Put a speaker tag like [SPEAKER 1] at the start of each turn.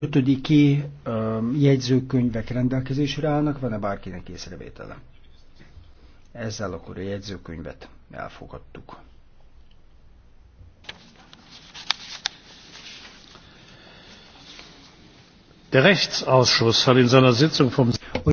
[SPEAKER 1] ötödiki jegyzőkönyvek rendelkezésre állnak, van-e bárkinek észrevétele?
[SPEAKER 2] Ezzel akkor a jegyzőkönyvet elfogadtuk.
[SPEAKER 3] Der Rechtsausschuss hat in seiner Sitzung vom